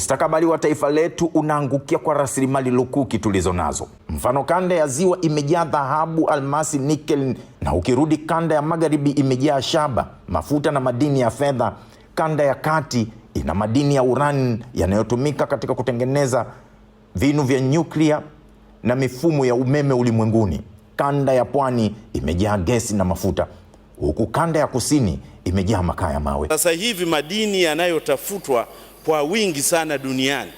Mustakabali wa taifa letu unaangukia kwa rasilimali lukuki tulizo nazo. Mfano, kanda ya ziwa imejaa dhahabu, almasi, nikel, na ukirudi kanda ya magharibi imejaa shaba, mafuta na madini ya fedha. Kanda ya kati ina madini ya urani yanayotumika katika kutengeneza vinu vya nyuklia na mifumo ya umeme ulimwenguni. Kanda ya pwani imejaa gesi na mafuta, huku kanda ya kusini imejaa makaa ya mawe. Sasa hivi madini yanayotafutwa kwa wingi sana duniani.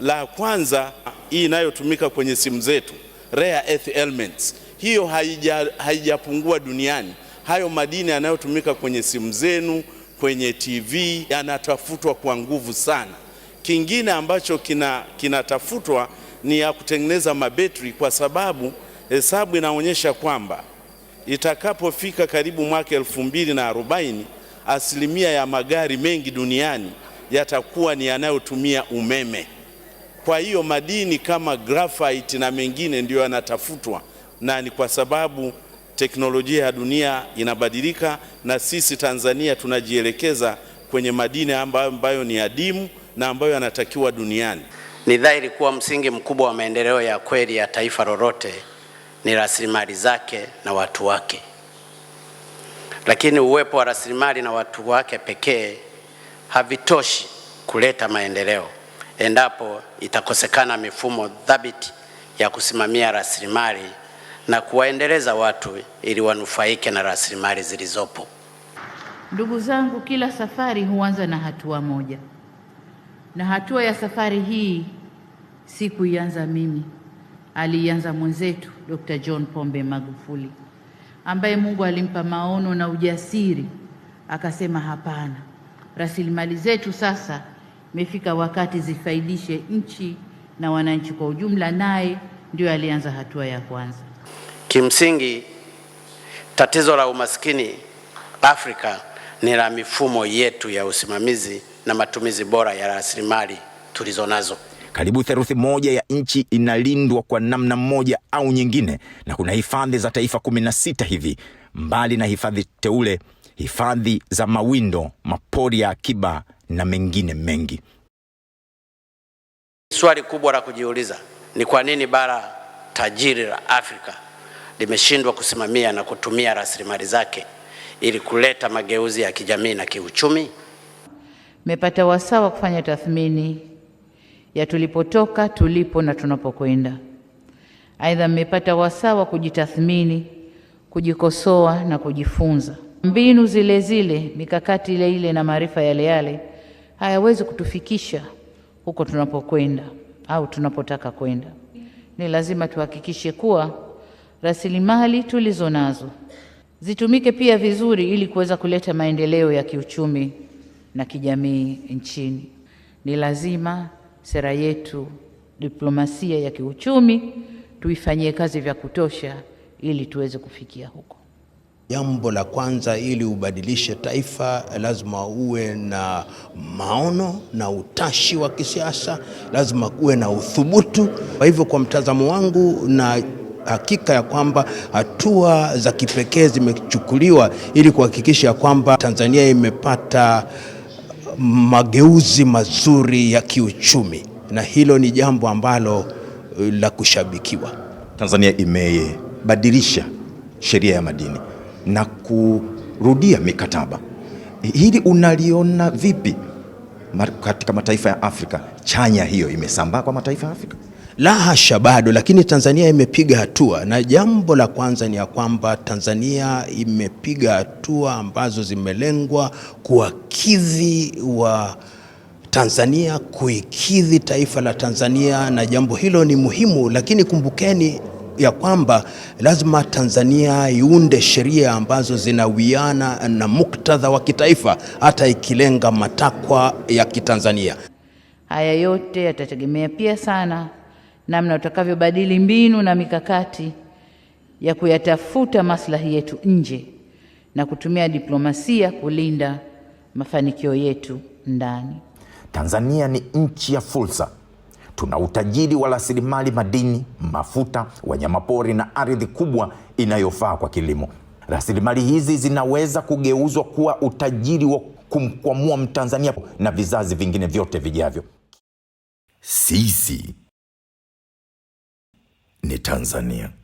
La kwanza hii inayotumika kwenye simu zetu rare earth elements, hiyo haijapungua haija duniani. Hayo madini yanayotumika kwenye simu zenu, kwenye TV yanatafutwa kwa nguvu sana. Kingine ambacho kinatafutwa ni ya kutengeneza mabetri, kwa sababu hesabu eh, inaonyesha kwamba itakapofika karibu mwaka elfu mbili na arobaini asilimia ya magari mengi duniani yatakuwa ni yanayotumia umeme. Kwa hiyo madini kama graphite na mengine ndiyo yanatafutwa, na ni kwa sababu teknolojia ya dunia inabadilika, na sisi Tanzania tunajielekeza kwenye madini ambayo, ambayo ni adimu na ambayo yanatakiwa duniani. Ni dhahiri kuwa msingi mkubwa wa maendeleo ya kweli ya taifa lolote ni rasilimali zake na watu wake, lakini uwepo wa rasilimali na watu wake pekee havitoshi kuleta maendeleo endapo itakosekana mifumo thabiti ya kusimamia rasilimali na kuwaendeleza watu ili wanufaike na rasilimali zilizopo. Ndugu zangu, kila safari huanza na hatua moja, na hatua ya safari hii si kuianza mimi, aliianza mwenzetu Dr. John Pombe Magufuli ambaye Mungu alimpa maono na ujasiri, akasema hapana Rasilimali zetu sasa imefika wakati zifaidishe nchi na wananchi kwa ujumla, naye ndio alianza hatua ya kwanza. Kimsingi, tatizo la umaskini Afrika ni la mifumo yetu ya usimamizi na matumizi bora ya rasilimali tulizo nazo. Karibu theluthi moja ya nchi inalindwa kwa namna moja au nyingine, na kuna hifadhi za taifa 16 hivi mbali na hifadhi teule hifadhi za mawindo, mapori ya akiba na mengine mengi. Swali kubwa la kujiuliza ni kwa nini bara tajiri la Afrika limeshindwa kusimamia na kutumia rasilimali zake ili kuleta mageuzi ya kijamii na kiuchumi. Mmepata wasaa wa kufanya tathmini ya tulipotoka, tulipo na tunapokwenda. Aidha, mmepata wasaa wa kujitathmini, kujikosoa na kujifunza mbinu zile zile, mikakati ile ile na maarifa yale yale hayawezi kutufikisha huko tunapokwenda au tunapotaka kwenda. Ni lazima tuhakikishe kuwa rasilimali tulizo nazo zitumike pia vizuri ili kuweza kuleta maendeleo ya kiuchumi na kijamii nchini. Ni lazima sera yetu, diplomasia ya kiuchumi tuifanyie kazi vya kutosha ili tuweze kufikia huko. Jambo la kwanza, ili ubadilishe taifa lazima uwe na maono na utashi wa kisiasa, lazima uwe na uthubutu. Kwa hivyo, kwa mtazamo wangu na hakika ya kwamba hatua za kipekee zimechukuliwa ili kuhakikisha kwamba Tanzania imepata mageuzi mazuri ya kiuchumi, na hilo ni jambo ambalo eh, la kushabikiwa. Tanzania imebadilisha sheria ya madini na kurudia mikataba. Hili unaliona vipi katika mataifa ya Afrika? Chanya hiyo imesambaa kwa mataifa ya Afrika? La hasha, bado. Lakini Tanzania imepiga hatua, na jambo la kwanza ni ya kwamba Tanzania imepiga hatua ambazo zimelengwa kuwakidhi wa Tanzania, kuikidhi taifa la Tanzania, na jambo hilo ni muhimu. Lakini kumbukeni ya kwamba lazima Tanzania iunde sheria ambazo zinawiana na muktadha wa kitaifa hata ikilenga matakwa ya Kitanzania. Haya yote yatategemea pia sana namna utakavyobadili mbinu na mikakati ya kuyatafuta maslahi yetu nje na kutumia diplomasia kulinda mafanikio yetu ndani. Tanzania ni nchi ya fursa. Tuna utajiri wa rasilimali madini, mafuta, wanyamapori na ardhi kubwa inayofaa kwa kilimo. Rasilimali hizi zinaweza kugeuzwa kuwa utajiri wa kumkwamua Mtanzania na vizazi vingine vyote vijavyo. Sisi ni Tanzania.